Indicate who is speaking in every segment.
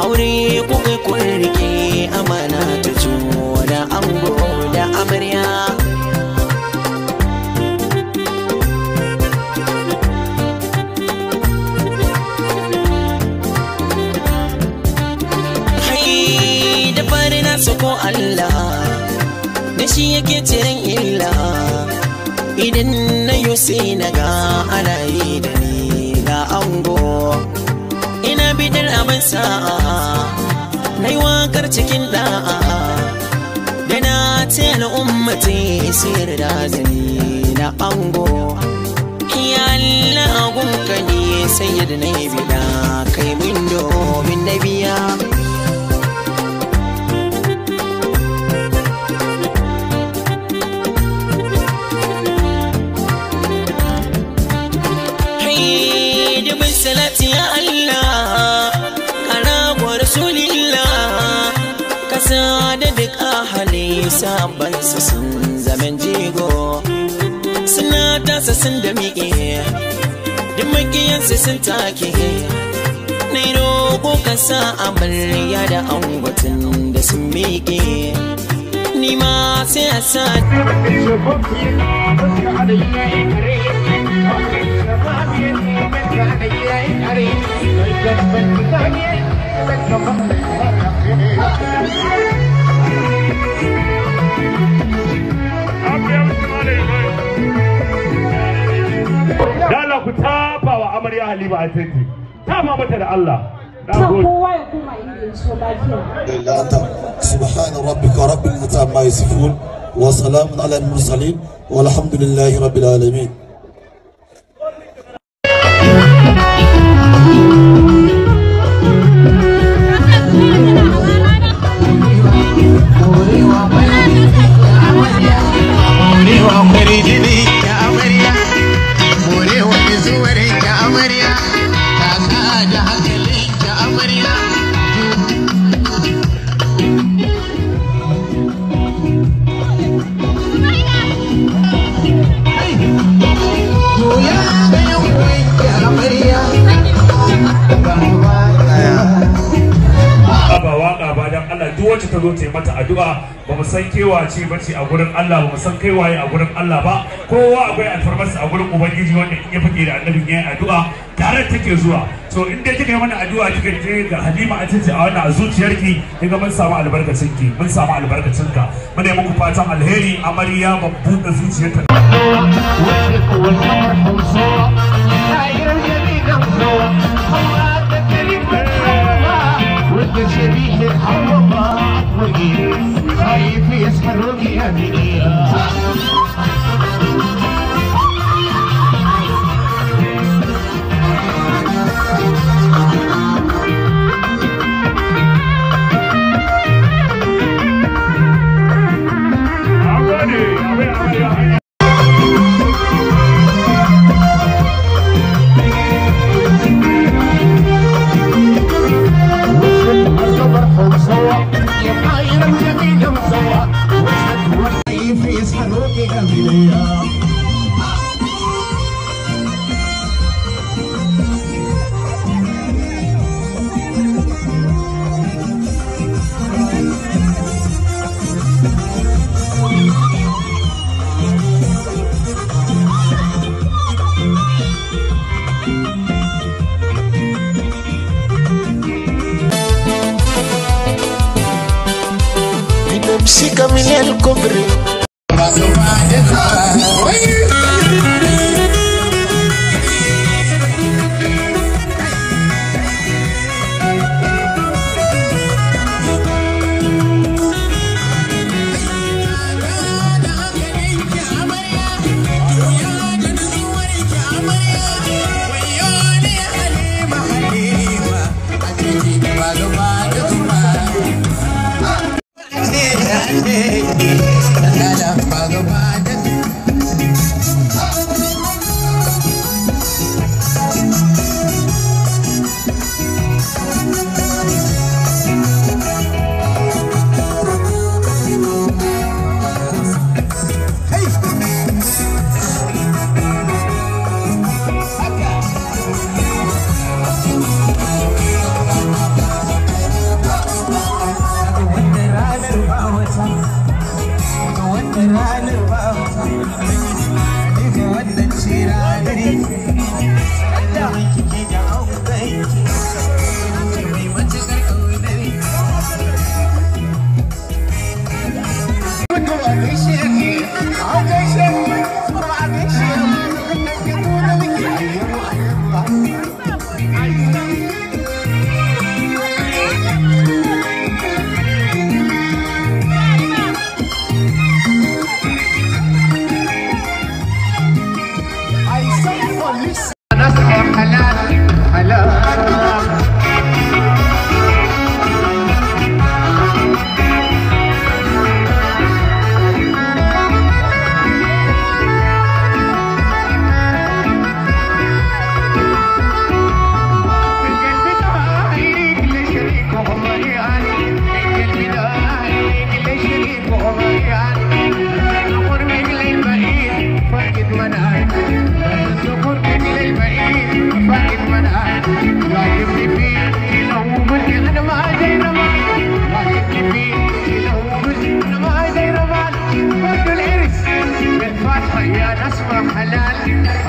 Speaker 1: aure ku ga kwarke amana ta zo da ango da amarya da fari na soko Allah da shi yake tiran illa idan na yi sai na ga ana yi da bidin abin sa'a nai wakar cikin da da'a yana ce al'ummati siyar da zani na ango ya Allah gunka ne sayyid na bida kai min domin na biya sabansa sun zaman jigo suna tasa sun da miƙe duk makiyansu sun take na yi roƙo ka sa amarya da angwatin da sun miƙe ni ma sai a sa Thank you. amarya ta ma mata da Allah
Speaker 2: سبحان ربك رب العزة ما يصفون وسلام على المرسلين والحمد لله رب العالمين wacce ta zo ta yi mata addu'a ba mu san kewa ce ba ce a gurin Allah ba mu san kai waye a gurin Allah ba kowa akwai alfarmarsa a gurin ubangiji wanda in ya fike da annabin yayin addu'a tare take zuwa to in dai kika yi mana addu'a kika je ga Halima a cikin a wannan zuciyarki kika mun samu albarkacin ki mun samu albarkacin ka mun yi muku fatan alheri amarya babu da zuciyarta
Speaker 1: Thank करोगी साई फेस करोगी अभी caminé el cobre. nossa é canada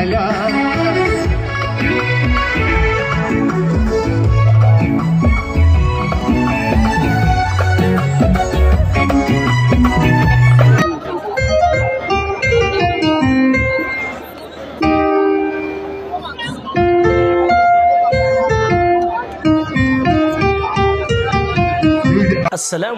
Speaker 1: السلام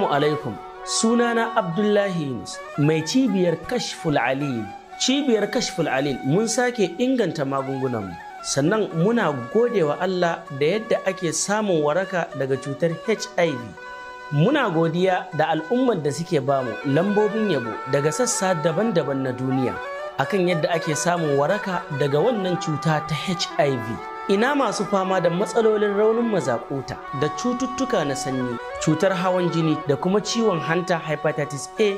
Speaker 2: عليكم سنانا عبد الله مي تشيبير كشف العليم cibiyar kashful alil mun sake inganta magungunanmu sannan muna godewa Allah da yadda ake samun waraka daga cutar HIV muna godiya da al'ummar da suke bamu lambobin yabo daga sassa daban-daban na duniya akan yadda ake samun waraka daga wannan cuta ta HIV ina masu fama da matsalolin raunin mazakuta da cututtuka na sanyi cutar hawan jini da kuma ciwon hanta hepatitis A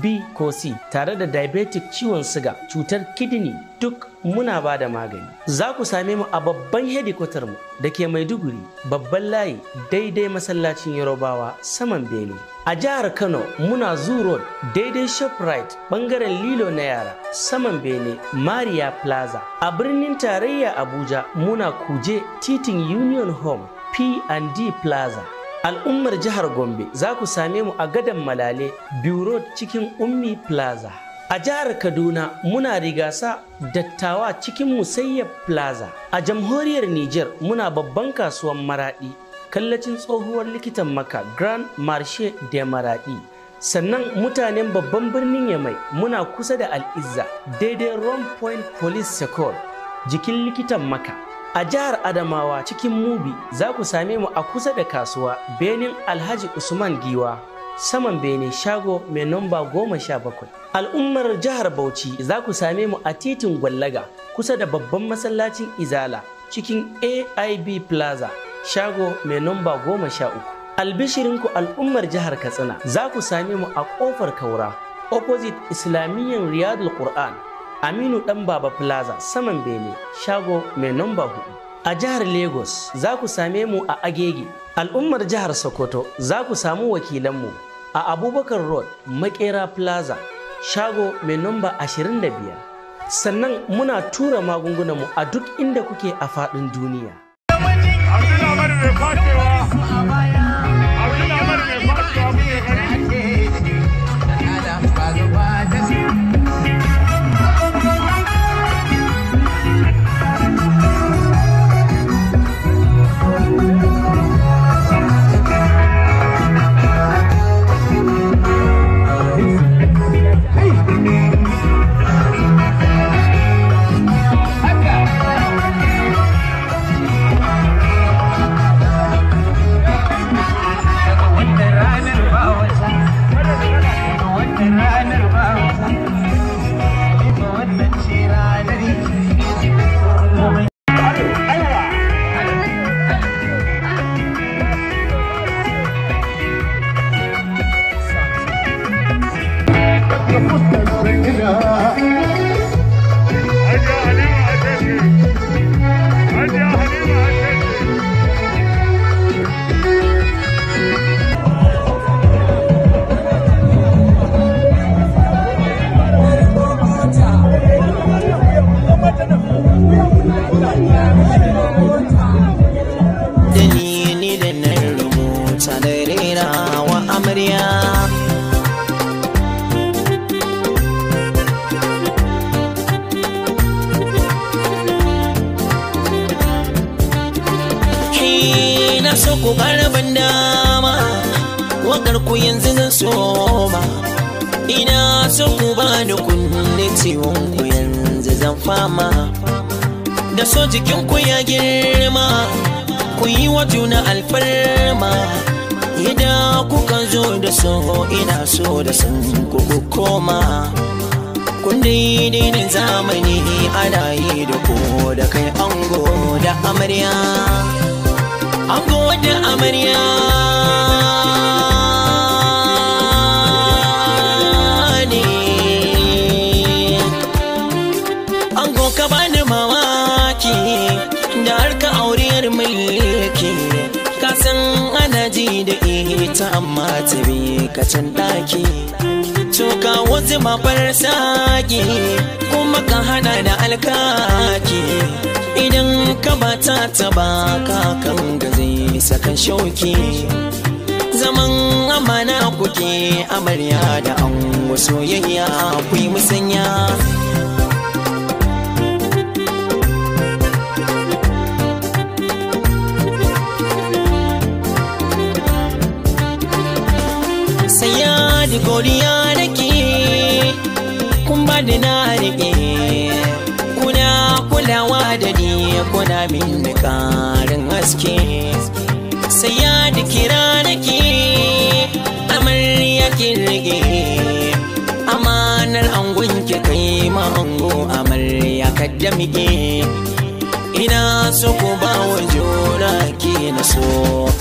Speaker 2: b ko c tare da diabetic ciwon siga cutar kidney duk muna ba da magani za ku same mu a babban hedikwatar mu da ke maiduguri babban layi daidai masallacin yarobawa saman bene a jihar kano muna zoo road daidai shoprite bangaren lilo na yara saman bene maria plaza a birnin tarayya abuja muna kuje titin union home p&d plaza al'ummar jihar gombe za ku same mu a gadon malale biro cikin ummi plaza a jihar kaduna muna rigasa dattawa cikin musayyar plaza a jamhuriyar niger muna babban kasuwan maradi kallacin tsohuwar likitan maka grand marche de maradi sannan mutanen babban birnin yamai muna kusa da al'izza daidai rome point police secor jikin likitan maka A jihar Adamawa cikin Mubi za ku same mu a kusa da kasuwa Benin Alhaji Usman Giwa saman bene shago mai namba goma sha bakwai. Al'ummar jihar Bauchi za ku same mu a titin Gwallaga kusa da babban masallacin Izala cikin AIB Plaza shago mai namba goma sha uku. Albishirinku al'ummar jihar Katsina za ku same mu a ƙofar Kaura opposite Islamiyyar Riyadul Qur'an aminu dan baba plaza saman bene shago mai namba hudu a jihar lagos za ku same mu a agege al'ummar jihar sokoto za ku samu wakilanmu a abubakar road makera plaza shago mai namba 25 sannan muna tura magungunanmu a duk inda kuke a faɗin duniya.
Speaker 1: Abdullahi Abdullahi Abdullahi fashewa harku ku yanzu zan soma ina so ku ba da kunne ku yanzu zan fama da so jikin ku ya girma ku yi wa juna alfarma idan kuka zo da so ina so da san ku koma kun daidai zamani ana yi da ku da kai ango da amarya ango da amarya albarkacin ɗaki Tuka wasu mafar saki kuma ka hada da alkaki Idan ka ba ta ka kan ga zai sakan shauki Zaman amana kuke amarya da an soyayya kuyi musanya alhaji godiya nake kun ba da na rike kuna kulawa da ni kuna min karin haske sai ya da kira nake amarya kin rige amanar angon ki kai ma ango amarya kadda muke ina so ku ba wa juna ki na so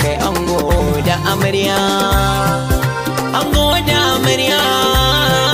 Speaker 1: kai ango da amarya I'm going down many hours